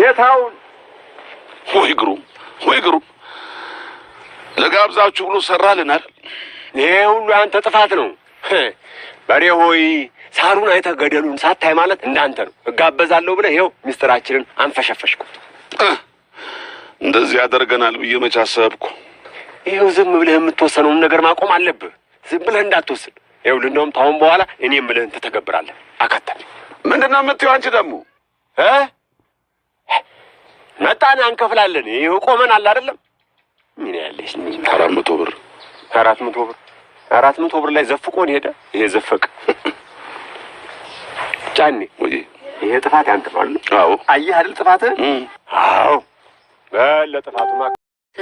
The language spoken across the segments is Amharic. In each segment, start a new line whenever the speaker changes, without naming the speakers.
ጌታውን
ወይ ግሩም ወይ ግሩም ለጋብዛችሁ ብሎ ሰራልን አይደል?
ይሄ ሁሉ አንተ ጥፋት ነው። በሬ ሆይ ሳሩን አይተህ ገደሉን ሳታይ ማለት እንዳንተ ነው። እጋበዛለሁ ብለህ ይኸው ሚስጥራችንን አንፈሸፈሽኩ።
እንደዚህ ያደርገናል ብዬ መቼ አሰብኩ?
ይኸው ዝም ብለህ የምትወሰነውን ነገር ማቆም አለብህ። ዝም ብለህ እንዳትወስን። ይኸው ልንደውም ታሁን በኋላ እኔም ብለህን ትተገብራለህ። አካተል
ምንድን ነው የምትይው አንቺ ደግሞ መጣን አንከፍላለን። ይህ ቆመን አለ አይደለም ምን ያለሽ አራት መቶ ብር
አራት መቶ ብር አራት መቶ ብር ላይ ዘፍቆን ሄደ። ይሄ ዘፈቅ ጫኔ ይሄ ጥፋት ያንተ አዎ አየህ አይደል ጥፋት። አዎ በለ ጥፋቱ ማ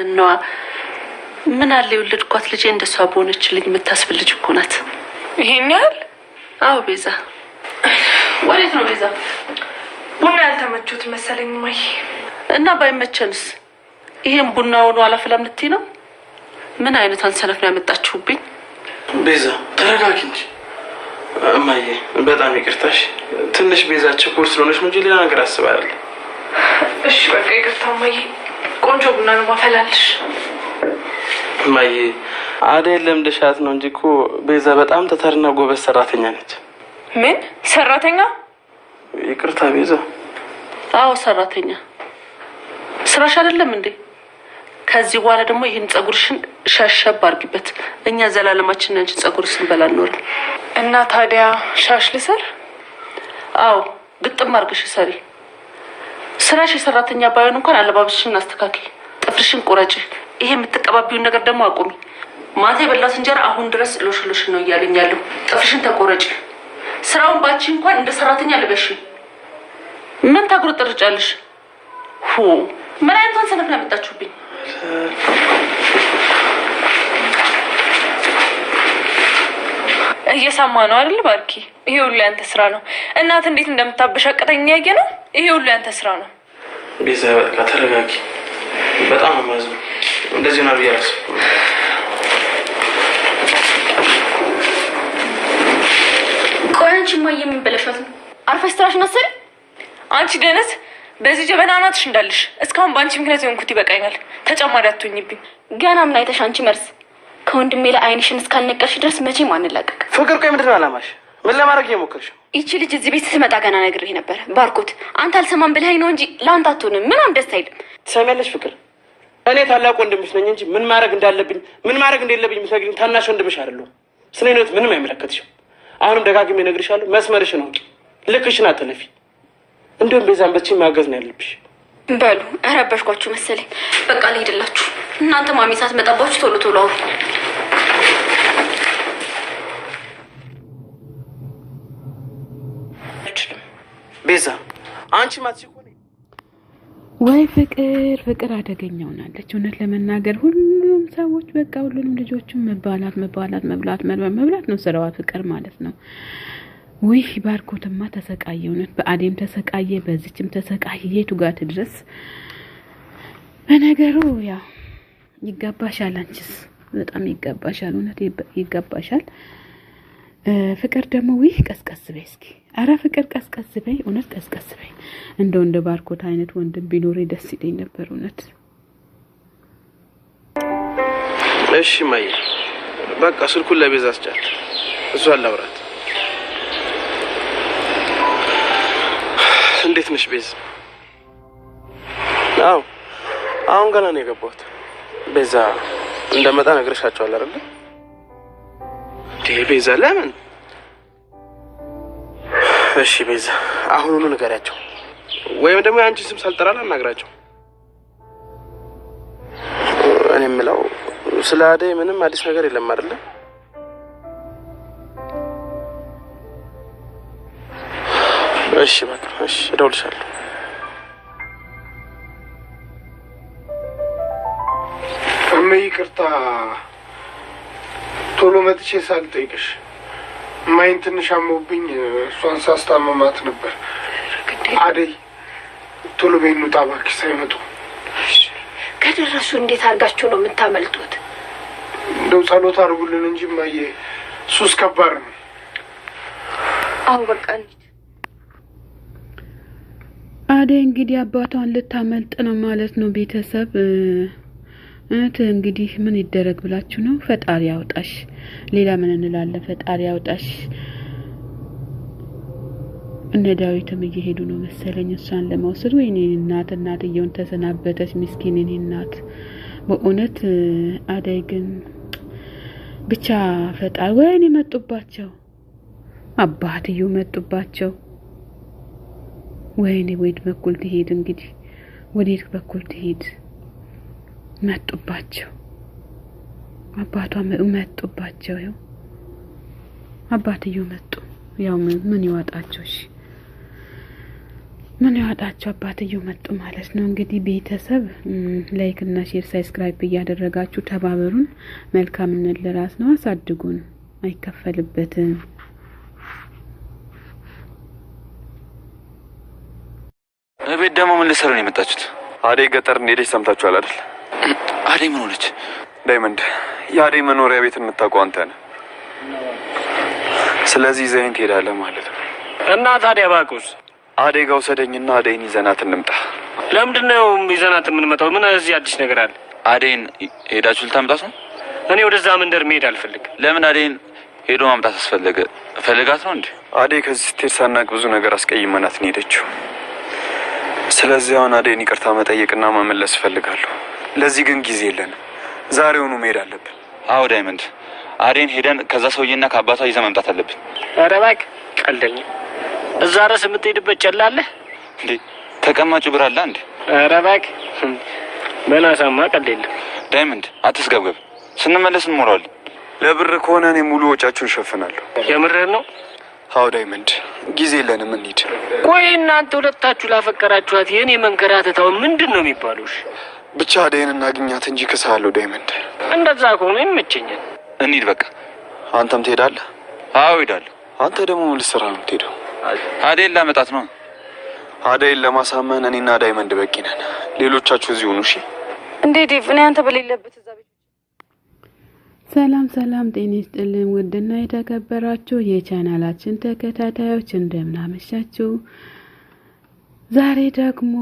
እናዋ ምን አለ የወለድኳት ልጄ እንደሷ በሆነችልኝ የምታስብ ልጅ እኮ ናት። ይሄን ያህል አዎ ቤዛ ወዴት ነው ቤዛ? ቡና ያልተመቾት መሰለኝ ማይ
እና ባይመቸንስ ይሄን ቡና ሆኖ አላፍላም ልትይ ነው? ምን አይነት አንሰነፍ ነው ያመጣችሁብኝ?
ቤዛ ተረጋጊ እንጂ እማዬ፣ በጣም ይቅርታሽ። ትንሽ ቤዛ ችኩል ስለሆነች ነው እንጂ ሌላ ነገር አስባለሁ።
እሺ በቃ ይቅርታ እማዬ። ቆንጆ ቡና ነው ማፈላልሽ።
እማዬ አደይ ለምደሻት ነው እንጂ እኮ ቤዛ በጣም ተተርና ጎበዝ ሰራተኛ ነች።
ምን ሰራተኛ
ይቅርታ ቤዛ።
አዎ ሰራተኛ ስራሽ አይደለም እንዴ? ከዚህ በኋላ ደግሞ ይህን ጸጉርሽን ሻሸብ አድርጊበት። እኛ ዘላለማችን ያንቺን ጸጉር ስንበላ እንኖራል።
እና ታዲያ ሻሽ ልሰር?
አዎ ግጥም አድርግሽ ሰሪ። ስራሽ የሰራተኛ ባይሆን እንኳን አለባበስሽን አስተካክል፣ ጥፍርሽን ቁረጭ። ይሄ የምትቀባቢውን ነገር ደግሞ አቁሚ። ማታ የበላት እንጀራ አሁን ድረስ ሎሽ ነው እያለኝ ያለው። ጥፍርሽን ተቆረጭ። ስራውን ባቺ እንኳን እንደ ሰራተኛ ልበሽ። ምን ታጉረጠርጫለሽ? ሁ ምን አይነቷን ሰነፍ ያመጣችሁብኝ? እየሰማ ነው አይደል? ባርኪ፣ ይሄ ሁሉ ያንተ ስራ ነው። እናት እንዴት እንደምታበሻቀጠኝ ያየ ነው። ይሄ ሁሉ ያንተ ስራ ነው።
ቤዛ፣ በቃ ተረጋጊ። በጣም ነው የሚያዝነው። እንደዚህ ነው ብዬ
አንቺ ማየ ምን በለሻት ነው?
አርፈሽ ስራሽ አሰሪ። አንቺ ደነስ በዚህ ጀበና አናትሽ እንዳለሽ እስካሁን በአንቺ ምክንያት የሆንኩት ይበቃኛል። ተጨማሪ አትሆኝብኝ።
ገና ምን አይተሽ አንቺ መርስ ከወንድሜ ላይ አይንሽን እስካልነቀሽ ድረስ መቼም አንላቀቅ።
ፍቅር ቆይ ምንድን ነው አላማሽ? ምን ለማድረግ የሞከርሽ?
ይቺ ልጅ እዚህ ቤት ስትመጣ ገና ነግሬህ ነበር። ባርኩት። አንተ አልሰማም ብለኸኝ ነው እንጂ ለአንተ አትሆንም። ምናም ደስ አይልም።
ትሰሚያለሽ ፍቅር፣ እኔ ታላቅ ወንድምሽ ነኝ እንጂ ምን ማድረግ እንዳለብኝ ምን ማድረግ እንደሌለብኝ የምትነግሪኝ ታናሽ ወንድምሽ አይደለሁም። ስለ ህይወት ምንም አይመለከትሽም። አሁንም ደጋግሜ እነግርሻለሁ፣ መስመርሽን አውቂ፣ ልክሽን አጥልፊ። እንዲሁም ቤዛን በቺ ማገዝ ነው ያለብሽ።
በሉ ረበሽኳችሁ መሰለኝ። በቃ ልሄድላችሁ። እናንተ ማሚ ሳት ሳትመጣባችሁ ቶሎ ቶሎ አውሪ።
ቤዛ አንቺ ማትሲኩ
ወይ ፍቅር ፍቅር አደገኛ ሆናለች። እውነት ለመናገር ሁሉም ሰዎች በቃ ሁሉንም ልጆችም መባላት መባላት መብላት መብላት ነው ስራዋ ፍቅር ማለት ነው። ውይ ባርኮትማ ተሰቃየ። እውነት በአዴም ተሰቃየ፣ በዚችም ተሰቃየ። የቱ ጋት ድረስ በነገሩ ያው ይገባሻል። አንቺስ በጣም ይገባሻል። እውነት ይገባሻል። ፍቅር ደግሞ ይህ ቀስቀስ በይ እስኪ፣ አረ ፍቅር ቀስቀስ በይ፣ እውነት ቀስቀስ በይ። እንደው እንደ ባርኮት አይነት ወንድም ቢኖር ደስ ይለኝ ነበር እውነት።
እሺ ማይ በቃ ስልኩን ለቤዛ አስጫት፣ እሷ አላውራት። እንዴት ነሽ ቤዝ?
አዎ አሁን ገና ነው የገባሁት።
ቤዛ እንደመጣ ነግረሻቸዋል አይደል?
ቤዛ ለምን?
እሺ ቤዛ አሁኑኑ ንገሪያቸው፣
ወይም ደግሞ የአንቺን ስም ሳልጠራ አናግራቸው
እኔ የምለው ስለ አደይ ምንም አዲስ ነገር የለም አይደለ? እሺ በቃ እሺ፣ እደውልልሻለሁ።
እሜ ይቅርታ ቶሎ መጥቼ ሳልጠይቅሽ ማይን ትንሽ አሞብኝ እሷን ሳስታመማት ነበር። አደይ ቶሎ ቤኑ እንውጣ ሳይመጡ።
ከደረሱ እንዴት አድርጋችሁ ነው የምታመልጡት?
እንደው ጸሎት አድርጉልን እንጂ ማየ ሱስ ከባድ ነው።
አሁን በቃ
አደይ እንግዲህ አባቷን ልታመልጥ ነው ማለት ነው ቤተሰብ እህት እንግዲህ ምን ይደረግ ብላችሁ ነው? ፈጣሪ ያውጣሽ። ሌላ ምን እንላለን? ፈጣሪ ያውጣሽ። እነ ዳዊትም እየሄዱ ነው መሰለኝ እሷን ለመውሰድ። ወይኔ እናት እናትየውን ተሰናበተች። ምስኪን እኔ እናት በእውነት አደይ ግን ብቻ ፈጣሪ ወይኔ መጡባቸው። አባትዮ መጡባቸው። ወይኔ ወይት በኩል ትሄድ እንግዲህ ወዴት በኩል ትሄድ? መጡባቸው። አባቷ መጡባቸው። ያው አባትየው መጡ። ያው ምን ይዋጣቸው? እሺ ምን ያወጣቸው አባትየው መጡ ማለት ነው። እንግዲህ ቤተሰብ ላይክ እና ሼር ሳብስክራይብ እያደረጋችሁ ተባበሩን። መልካምነት ለራስ ነው። አሳድጉን፣ አይከፈልበትም።
እቤት ደግሞ ምን ልሰራ ነው የመጣችሁት?
አዴ ገጠር እንደሄደች ሰምታችኋል አይደል? አደይ ምን ሆነች? ዳይመንድ የአደይ መኖሪያ ቤት የምታውቀው አንተ ነህ። ስለዚህ ዘይን ትሄዳለህ ማለት ነው።
እና ታዲያ ባቁስ
አደይ ጋር ውሰደኝና አደይን ይዘናት እንምጣ።
ለምንድን ነው ይዘናት የምንመጣው? ምን እዚህ አዲስ ነገር አለ?
አደይን ሄዳችሁ ልታምጣት ነው?
እኔ ወደዛ መንደር መሄድ አልፈልግ።
ለምን አደይን ሄዶ ማምጣት አስፈለገ? ፈልጋት ነው እንዴ?
አደይ ከዚህ ስትሄድ ሳናቅ ብዙ ነገር አስቀይመናት ነው የሄደችው። ስለዚህ አሁን አደይን ይቅርታ መጠየቅና መመለስ እፈልጋለሁ። ለዚህ ግን ጊዜ የለንም። ዛሬውኑ መሄድ አለብን።
አዎ ዳይመንድ፣ አዴን ሄደን ከዛ ሰውዬና ከአባቷ ይዘ መምጣት አለብን።
ኧረ እባክህ ቀልደኝ። እዛ ረስ የምትሄድበት ጨላለህ
እንዴ? ተቀማጭ ብር አለ እንዴ?
ኧረ እባክህ በናሳማ ቀልድ የለም።
ዳይመንድ አትስገብገብ፣ ስንመለስ እንሞላዋለን
ለብር ከሆነ እኔ ሙሉ ወጫችሁን ሸፍናለሁ። የምርህን ነው? አዎ ዳይመንድ፣ ጊዜ የለንም እንሂድ።
ቆይ እናንተ ሁለታችሁ ላፈቀራችኋት ይህን የመንከራተታውን ምንድን ነው የሚባሉሽ?
ብቻ አደይን እናግኛት እንጂ ክሳለሁ። ዳይመንድ
እንደዛ ከሆነ ይመቸኛል።
እንሂድ በቃ።
አንተም ትሄዳለህ? አዎ እሄዳለሁ። አንተ ደግሞ ምን ልትሰራ ነው የምትሄደው?
አደይን ላመጣት ነው።
አደይን ለማሳመን እኔና ዳይመንድ በቂ ነን። ሌሎቻችሁ እዚህ ሆኑ። እሺ።
እንዴ ዴቭ፣ እኔ አንተ በሌለበት እዛ ቤት
ሰላም ሰላም፣ ጤና ይስጥልን ውድና የተከበራችሁ የቻናላችን ተከታታዮች እንደምናመሻችሁ። ዛሬ ደግሞ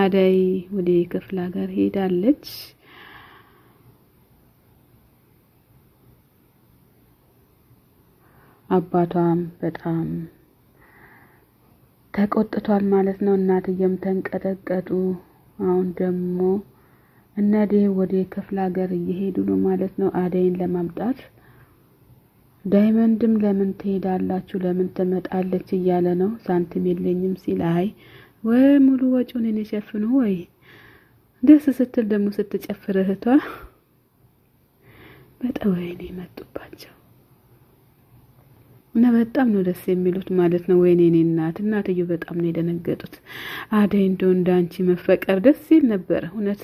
አደይ ወደ ክፍለ ሀገር ሄዳለች። አባቷም በጣም ተቆጥቷል ማለት ነው። እናትየም ተንቀጠቀጡ። አሁን ደግሞ እነዲህ ወደ ክፍለ ሀገር እየሄዱ ነው ማለት ነው አደይን ለማምጣት። ዳይመንድም ለምን ትሄዳላችሁ፣ ለምን ትመጣለች እያለ ነው። ሳንቲም የለኝም ሲል አይ ወይ ሙሉ ወጪውን እኔ ሸፍኑ ወይ ደስ ስትል ደግሞ ስትጨፍር እህቷ በጠወይኔ መጡባቸው እና በጣም ነው ደስ የሚሉት ማለት ነው። ወይኔ እኔ እናት እናትዮ በጣም ነው የደነገጡት። አደይ እንደው እንዳንቺ መፈቀር ደስ ይል ነበር እውነት።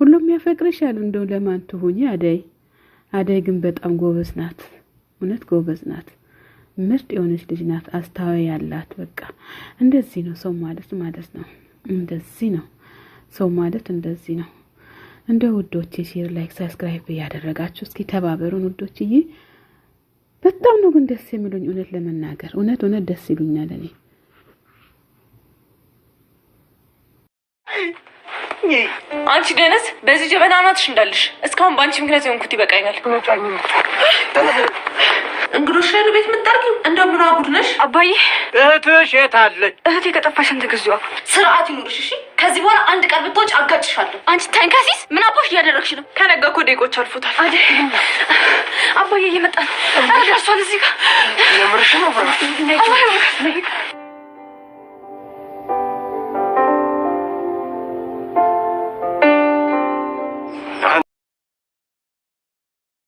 ሁሉም ያፈቅርሻል እንደው ለማን ትሁኝ አደይ። አደይ ግን በጣም ጎበዝ ናት እውነት ጎበዝ ናት። ምርጥ የሆነች ልጅ ናት። አስተዋይ ያላት በቃ እንደዚህ ነው ሰው ማለት ማለት ነው። እንደዚህ ነው ሰው ማለት እንደዚህ ነው። እንደ ውዶች ሼር፣ ላይክ፣ ሳብስክራይብ እያደረጋችሁ እስኪ ተባበሩን ውዶችዬ። በጣም ነው ግን ደስ የሚሉኝ እውነት ለመናገር እውነት እውነት ደስ ይሉኛል እኔ
አንቺ ደነስ በዚህ ጀበና አናትሽ እንዳለሽ እስካሁን በአንቺ ምክንያት የሆንኩት ይበቃኛል። እንግዶችን ቤት የምታርጊው እንደ ምን አጉድ ነሽ?
አባዬ
እህትሽ የት አለች?
እህቴ ከጠፋሽ ስንት ጊዜዋ። ስርዓት ይኑርሽ እሺ። ከዚህ በኋላ አንድ ቀን ብትወጭ አጋጭሻለሁ። አንቺ ተንከሲስ፣ ምን አባሽ እያደረግሽ ነው? ከነጋ እኮ ደቂቆች አልፎታል።
አደ አባዬ እየመጣ ነው። ደርሷል። እዚህ ጋር
የምርሽ ነው ብራ